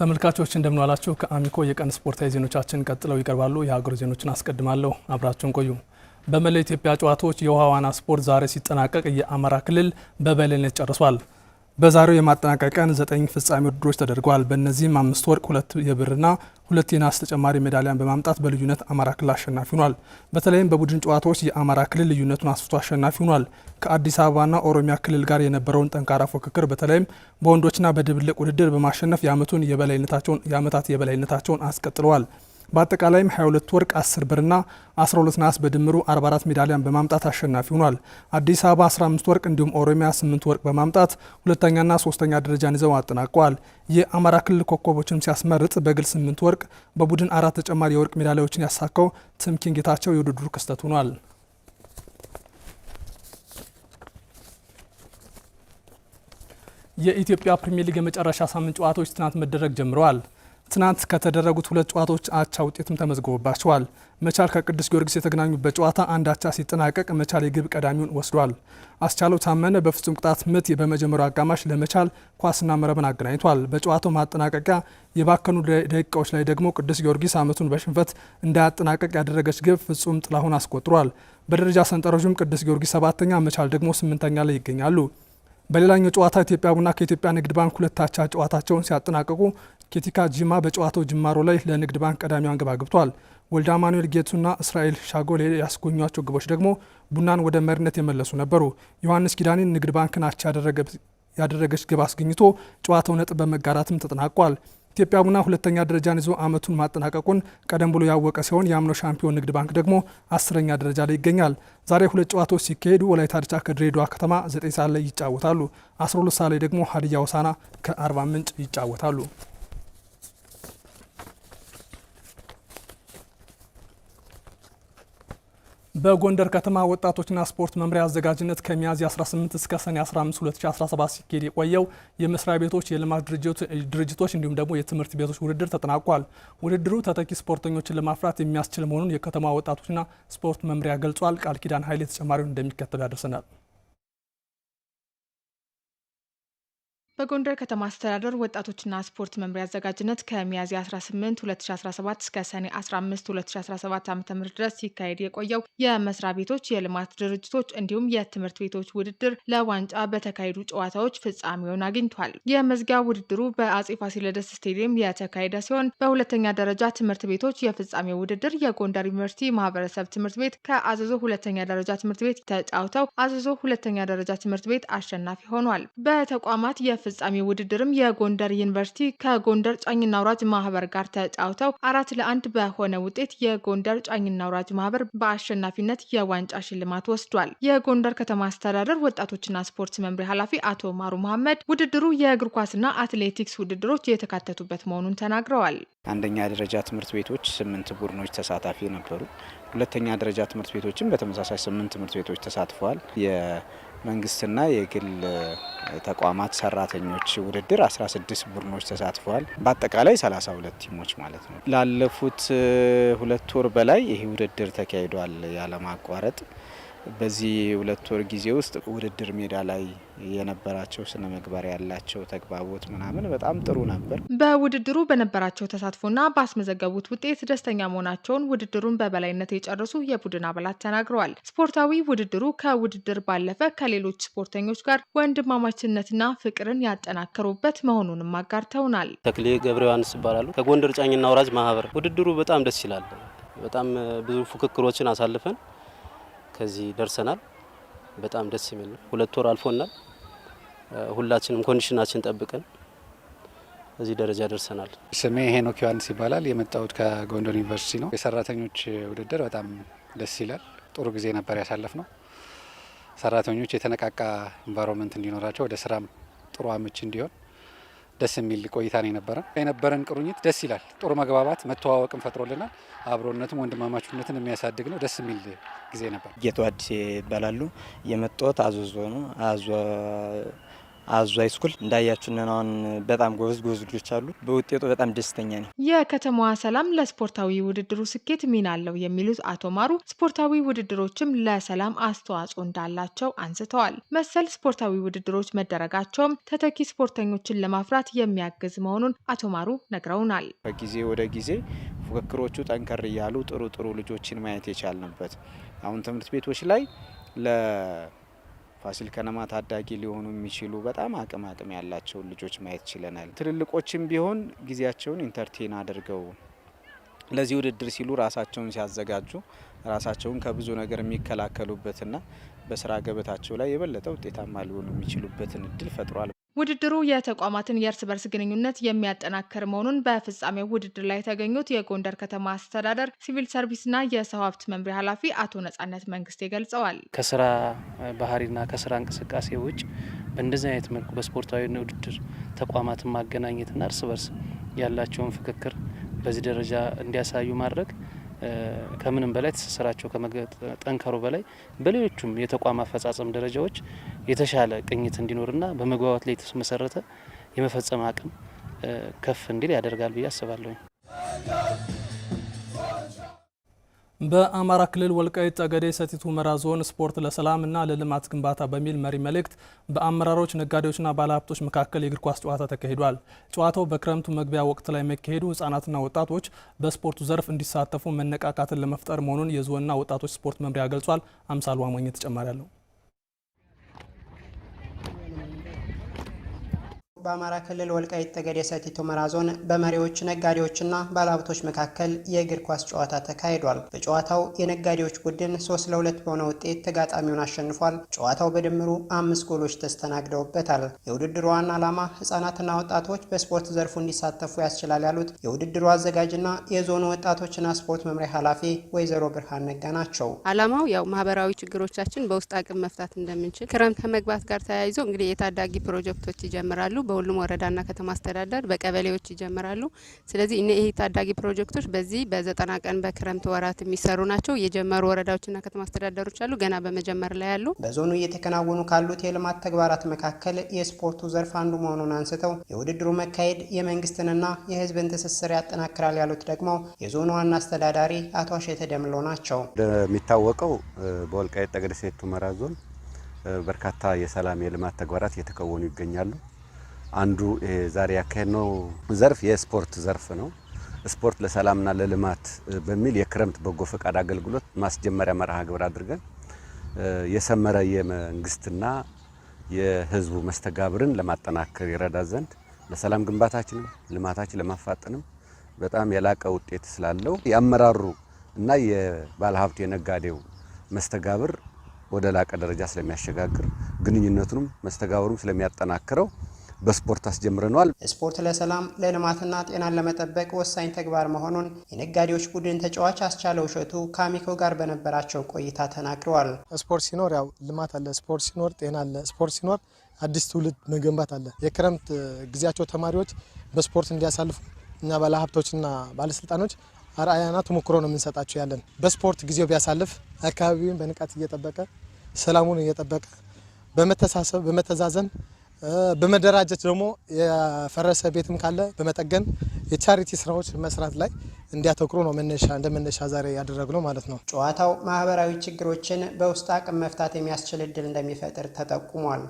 ተመልካቾች እንደምንዋላችሁ ከአሚኮ የቀን ስፖርታዊ ዜኖቻችን ቀጥለው ይቀርባሉ። የሀገር ዜኖችን አስቀድማለሁ፣ አብራችሁን ቆዩ። በመላው ኢትዮጵያ ጨዋታዎች የውሃ ዋና ስፖርት ዛሬ ሲጠናቀቅ የአማራ ክልል በበላይነት ጨርሷል። በዛሬው የማጠናቀቂያ ቀን ዘጠኝ ፍጻሜ ውድድሮች ተደርገዋል። በእነዚህም አምስት ወርቅ፣ ሁለት የብርና ሁለት የናስ ተጨማሪ ሜዳሊያን በማምጣት በልዩነት አማራ ክልል አሸናፊ ሆኗል። በተለይም በቡድን ጨዋታዎች የአማራ ክልል ልዩነቱን አስፍቶ አሸናፊ ሆኗል። ከአዲስ አበባና ኦሮሚያ ክልል ጋር የነበረውን ጠንካራ ፉክክር በተለይም በወንዶችና በድብልቅ ውድድር በማሸነፍ የአመቱን የበላይነታቸውን የአመታት የበላይነታቸውን አስቀጥለዋል። በአጠቃላይም 22 ወርቅ 10 ብርና 12 ነሐስ በድምሩ 44 ሜዳሊያን በማምጣት አሸናፊ ሆኗል። አዲስ አበባ 15 ወርቅ እንዲሁም ኦሮሚያ 8 ወርቅ በማምጣት ሁለተኛና ሶስተኛ ደረጃን ይዘው አጠናቀዋል። የአማራ ክልል ኮከቦችንም ሲያስመርጥ በግል 8 ወርቅ፣ በቡድን አራት ተጨማሪ የወርቅ ሜዳሊያዎችን ያሳካው ትምኪን ጌታቸው የውድድሩ ክስተት ሆኗል። የኢትዮጵያ ፕሪሚየር ሊግ የመጨረሻ ሳምንት ጨዋታዎች ትናንት መደረግ ጀምረዋል። ትናንት ከተደረጉት ሁለት ጨዋታዎች አቻ ውጤትም ተመዝግቦባቸዋል። መቻል ከቅዱስ ጊዮርጊስ የተገናኙበት ጨዋታ አንድ አቻ ሲጠናቀቅ መቻል የግብ ቀዳሚውን ወስዷል። አስቻለው ታመነ በፍጹም ቅጣት ምት በመጀመሪያው አጋማሽ ለመቻል ኳስና መረብን አገናኝቷል። በጨዋታው ማጠናቀቂያ የባከኑ ደቂቃዎች ላይ ደግሞ ቅዱስ ጊዮርጊስ ዓመቱን በሽንፈት እንዳያጠናቀቅ ያደረገች ግብ ፍጹም ጥላሁን አስቆጥሯል። በደረጃ ሰንጠረዥም ቅዱስ ጊዮርጊስ ሰባተኛ፣ መቻል ደግሞ ስምንተኛ ላይ ይገኛሉ። በሌላኛው ጨዋታ ኢትዮጵያ ቡና ከኢትዮጵያ ንግድ ባንክ ሁለታቻ ጨዋታቸውን ሲያጠናቀቁ ኬቲካ ጂማ በጨዋታው ጅማሮ ላይ ለንግድ ባንክ ቀዳሚዋን ግብ አግብቷል። ወልዳ አማኑኤል ጌቱና እስራኤል ሻጎሌ ያስጎኟቸው ግቦች ደግሞ ቡናን ወደ መሪነት የመለሱ ነበሩ። ዮሐንስ ኪዳኔን ንግድ ባንክን አቻ ያደረገች ግብ አስገኝቶ ጨዋታው ነጥብ በመጋራትም ተጠናቋል። ኢትዮጵያ ቡና ሁለተኛ ደረጃን ይዞ ዓመቱን ማጠናቀቁን ቀደም ብሎ ያወቀ ሲሆን የአምኖ ሻምፒዮን ንግድ ባንክ ደግሞ አስረኛ ደረጃ ላይ ይገኛል። ዛሬ ሁለት ጨዋታዎች ሲካሄዱ ወላይታ ድቻ ከድሬዳዋ ከተማ ዘጠኝ ሰዓት ላይ ይጫወታሉ። 12 ሰዓት ላይ ደግሞ ሀዲያ ውሳና ከአርባ ምንጭ ይጫወታሉ። በጎንደር ከተማ ወጣቶችና ስፖርት መምሪያ አዘጋጅነት ከሚያዝያ 18 እስከ ሰኔ 15 2017 ሲካሄድ የቆየው የመስሪያ ቤቶች የልማት ድርጅቶች እንዲሁም ደግሞ የትምህርት ቤቶች ውድድር ተጠናቋል። ውድድሩ ተተኪ ስፖርተኞችን ለማፍራት የሚያስችል መሆኑን የከተማ ወጣቶችና ስፖርት መምሪያ ገልጿል። ቃል ኪዳን ኃይሌ ተጨማሪውን እንደሚከተሉ ያደርሰናል። በጎንደር ከተማ አስተዳደር ወጣቶችና ስፖርት መምሪያ አዘጋጅነት ከሚያዝያ 18 2017 እስከ ሰኔ 15 2017 ዓ ም ድረስ ሲካሄድ የቆየው የመስሪያ ቤቶች የልማት ድርጅቶች እንዲሁም የትምህርት ቤቶች ውድድር ለዋንጫ በተካሄዱ ጨዋታዎች ፍጻሜውን አግኝቷል። የመዝጊያ ውድድሩ በአጼ ፋሲለደስ ስቴዲየም የተካሄደ ሲሆን በሁለተኛ ደረጃ ትምህርት ቤቶች የፍጻሜ ውድድር የጎንደር ዩኒቨርሲቲ ማህበረሰብ ትምህርት ቤት ከአዘዞ ሁለተኛ ደረጃ ትምህርት ቤት ተጫውተው አዘዞ ሁለተኛ ደረጃ ትምህርት ቤት አሸናፊ ሆኗል። በተቋማት የ ፍጻሜ ውድድርም የጎንደር ዩኒቨርሲቲ ከጎንደር ጫኝና አውራጅ ማህበር ጋር ተጫውተው አራት ለአንድ በሆነ ውጤት የጎንደር ጫኝና አውራጅ ማህበር በአሸናፊነት የዋንጫ ሽልማት ወስዷል። የጎንደር ከተማ አስተዳደር ወጣቶችና ስፖርት መምሪያ ኃላፊ አቶ ማሩ መሐመድ ውድድሩ የእግር ኳስና አትሌቲክስ ውድድሮች የተካተቱበት መሆኑን ተናግረዋል። አንደኛ ደረጃ ትምህርት ቤቶች ስምንት ቡድኖች ተሳታፊ ነበሩ። ሁለተኛ ደረጃ ትምህርት ቤቶችም በተመሳሳይ ስምንት ትምህርት ቤቶች ተሳትፈዋል። መንግስትና የግል ተቋማት ሰራተኞች ውድድር 16 ቡድኖች ተሳትፈዋል። በአጠቃላይ 32 ቲሞች ማለት ነው። ላለፉት ሁለት ወር በላይ ይህ ውድድር ተካሂዷል ያለማቋረጥ። በዚህ ሁለት ወር ጊዜ ውስጥ ውድድር ሜዳ ላይ የነበራቸው ስነ ምግባር ያላቸው ተግባቦት ምናምን በጣም ጥሩ ነበር። በውድድሩ በነበራቸው ተሳትፎና ባስመዘገቡት ውጤት ደስተኛ መሆናቸውን ውድድሩን በበላይነት የጨረሱ የቡድን አባላት ተናግረዋል። ስፖርታዊ ውድድሩ ከውድድር ባለፈ ከሌሎች ስፖርተኞች ጋር ወንድማማችነትና ፍቅርን ያጠናከሩበት መሆኑንም አጋርተውናል። ተክሌ ገብረ ዮሐንስ ይባላሉ። ከጎንደር ጫኝና አውራጅ ማህበር ውድድሩ በጣም ደስ ይላል። በጣም ብዙ ፉክክሮችን አሳልፈን ከዚህ ደርሰናል። በጣም ደስ የሚል ነው። ሁለት ወር አልፎናል። ሁላችንም ኮንዲሽናችን ጠብቀን እዚህ ደረጃ ደርሰናል። ስሜ ሄኖክ ዮሐንስ ይባላል። የመጣሁት ከጎንደር ዩኒቨርሲቲ ነው። የሰራተኞች ውድድር በጣም ደስ ይላል። ጥሩ ጊዜ ነበር ያሳለፍ ነው። ሰራተኞች የተነቃቃ ኢንቫይሮንመንት እንዲኖራቸው ወደ ስራም ጥሩ አመች እንዲሆን ደስ የሚል ቆይታ ነው የነበረ። የነበረን ቅሩኝት ደስ ይላል። ጥሩ መግባባት፣ መተዋወቅን ፈጥሮልናል። አብሮነትም ወንድማማችነትን የሚያሳድግ ነው። ደስ የሚል ጊዜ ነበር። ጌቶ አዲስ ይባላሉ። የመጣሁት አዘዞ ነው። አዙ ሃይስኩል እንዳያችሁ ነናዋን በጣም ጎበዝ ጎበዝ ልጆች አሉ። በውጤቱ በጣም ደስተኛ ነው። የከተማዋ ሰላም ለስፖርታዊ ውድድሩ ስኬት ሚና አለው የሚሉት አቶ ማሩ ስፖርታዊ ውድድሮችም ለሰላም አስተዋጽኦ እንዳላቸው አንስተዋል። መሰል ስፖርታዊ ውድድሮች መደረጋቸውም ተተኪ ስፖርተኞችን ለማፍራት የሚያግዝ መሆኑን አቶ ማሩ ነግረውናል። ከጊዜ ወደ ጊዜ ፉክክሮቹ ጠንከር እያሉ ጥሩ ጥሩ ልጆችን ማየት የቻልንበት አሁን ትምህርት ቤቶች ላይ ፋሲል ከነማ ታዳጊ ሊሆኑ የሚችሉ በጣም አቅም አቅም ያላቸውን ልጆች ማየት ችለናል። ትልልቆችም ቢሆን ጊዜያቸውን ኢንተርቴን አድርገው ለዚህ ውድድር ሲሉ ራሳቸውን ሲያዘጋጁ ራሳቸውን ከብዙ ነገር የሚከላከሉበትና በስራ ገበታቸው ላይ የበለጠ ውጤታማ ሊሆኑ የሚችሉበትን እድል ፈጥሯል ውድድሩ የተቋማትን የእርስ በርስ ግንኙነት የሚያጠናክር መሆኑን በፍጻሜው ውድድር ላይ የተገኙት የጎንደር ከተማ አስተዳደር ሲቪል ሰርቪስና የሰው ሀብት መምሪያ ኃላፊ አቶ ነጻነት መንግስቴ ገልጸዋል። ከስራ ባህሪና ከስራ እንቅስቃሴ ውጭ በእንደዚህ አይነት መልኩ በስፖርታዊ ውድድር ተቋማትን ማገናኘትና እርስ በርስ ያላቸውን ፍክክር በዚህ ደረጃ እንዲያሳዩ ማድረግ ከምንም በላይ ትስስራቸው ከመጠንከሩ በላይ በሌሎቹም የተቋም አፈጻጸም ደረጃዎች የተሻለ ቅኝት እንዲኖርና በመግባባት ላይ የተመሰረተ የመፈጸም አቅም ከፍ እንዲል ያደርጋል ብዬ አስባለሁኝ። በአማራ ክልል ወልቃይት ጠገዴ ሰቲት ሁመራ ዞን ስፖርት ለሰላም እና ለልማት ግንባታ በሚል መሪ መልእክት በአመራሮች ነጋዴዎችና ባለሀብቶች መካከል የእግር ኳስ ጨዋታ ተካሂዷል። ጨዋታው በክረምቱ መግቢያ ወቅት ላይ መካሄዱ ሕጻናትና ወጣቶች በስፖርቱ ዘርፍ እንዲሳተፉ መነቃቃትን ለመፍጠር መሆኑን የዞንና ወጣቶች ስፖርት መምሪያ ገልጿል። አምሳሉ አሞኘ ተጨማሪ አለው። በአማራ ክልል ወልቃይት ጠገዴ ሰቲት ሁመራ ዞን በመሪዎች ነጋዴዎችና ባለሀብቶች መካከል የእግር ኳስ ጨዋታ ተካሂዷል። በጨዋታው የነጋዴዎች ቡድን ሶስት ለሁለት በሆነ ውጤት ተጋጣሚውን አሸንፏል። ጨዋታው በድምሩ አምስት ጎሎች ተስተናግደውበታል። የውድድሩ ዋና ዓላማ ህጻናትና ወጣቶች በስፖርት ዘርፉ እንዲሳተፉ ያስችላል ያሉት የውድድሩ አዘጋጅና የዞኑ ወጣቶችና ስፖርት መምሪያ ኃላፊ ወይዘሮ ብርሃን ነጋ ናቸው። ዓላማው ያው ማህበራዊ ችግሮቻችን በውስጥ አቅም መፍታት እንደምንችል ክረምት ከመግባት ጋር ተያይዞ እንግዲህ የታዳጊ ፕሮጀክቶች ይጀምራሉ። በሁሉም ወረዳና ከተማ አስተዳደር በቀበሌዎች ይጀምራሉ። ስለዚህ እነ ይሄ ታዳጊ ፕሮጀክቶች በዚህ በዘጠና ቀን በክረምት ወራት የሚሰሩ ናቸው። የጀመሩ ወረዳዎችና ከተማ አስተዳደሮች አሉ፣ ገና በመጀመር ላይ ያሉ። በዞኑ እየተከናወኑ ካሉት የልማት ተግባራት መካከል የስፖርቱ ዘርፍ አንዱ መሆኑን አንስተው የውድድሩ መካሄድ የመንግስትንና የህዝብን ትስስር ያጠናክራል ያሉት ደግሞ የዞኑ ዋና አስተዳዳሪ አቶ አሸተ ደምሎ ናቸው። እንደሚታወቀው በወልቃይት ጠገዴ ሰቲት ሁመራ ዞን በርካታ የሰላም የልማት ተግባራት እየተከወኑ ይገኛሉ። አንዱ ዛሬ ያካሄድነው ዘርፍ የስፖርት ዘርፍ ነው። ስፖርት ለሰላምና ለልማት በሚል የክረምት በጎ ፈቃድ አገልግሎት ማስጀመሪያ መርሃ ግብር አድርገን የሰመረ የመንግስትና የህዝቡ መስተጋብርን ለማጠናከር ይረዳ ዘንድ ለሰላም ግንባታችንም ልማታችን ለማፋጠንም በጣም የላቀ ውጤት ስላለው የአመራሩ እና የባለሀብቱ የነጋዴው መስተጋብር ወደ ላቀ ደረጃ ስለሚያሸጋግር ግንኙነቱንም መስተጋብሩም ስለሚያጠናክረው በስፖርት አስጀምረነዋል። ስፖርት ለሰላም ለልማትና ጤናን ለመጠበቅ ወሳኝ ተግባር መሆኑን የነጋዴዎች ቡድን ተጫዋች አስቻለው እሸቱ ከአሚኮ ጋር በነበራቸው ቆይታ ተናግረዋል። ስፖርት ሲኖር ያው ልማት አለ፣ ስፖርት ሲኖር ጤና አለ፣ ስፖርት ሲኖር አዲስ ትውልድ መገንባት አለ። የክረምት ጊዜያቸው ተማሪዎች በስፖርት እንዲያሳልፉ እኛ ባለሀብቶችና ባለስልጣኖች አርአያና ተሞክሮ ነው የምንሰጣቸው። ያለን በስፖርት ጊዜው ቢያሳልፍ አካባቢውን በንቃት እየጠበቀ ሰላሙን እየጠበቀ በመተሳሰብ በመተዛዘን በመደራጀት ደግሞ የፈረሰ ቤትም ካለ በመጠገን የቻሪቲ ስራዎች መስራት ላይ እንዲያተኩሩ ነው መነሻ እንደ መነሻ ዛሬ ያደረግ ነው ማለት ነው። ጨዋታው ማህበራዊ ችግሮችን በውስጥ አቅም መፍታት የሚያስችል እድል እንደሚፈጥር ተጠቁሟል።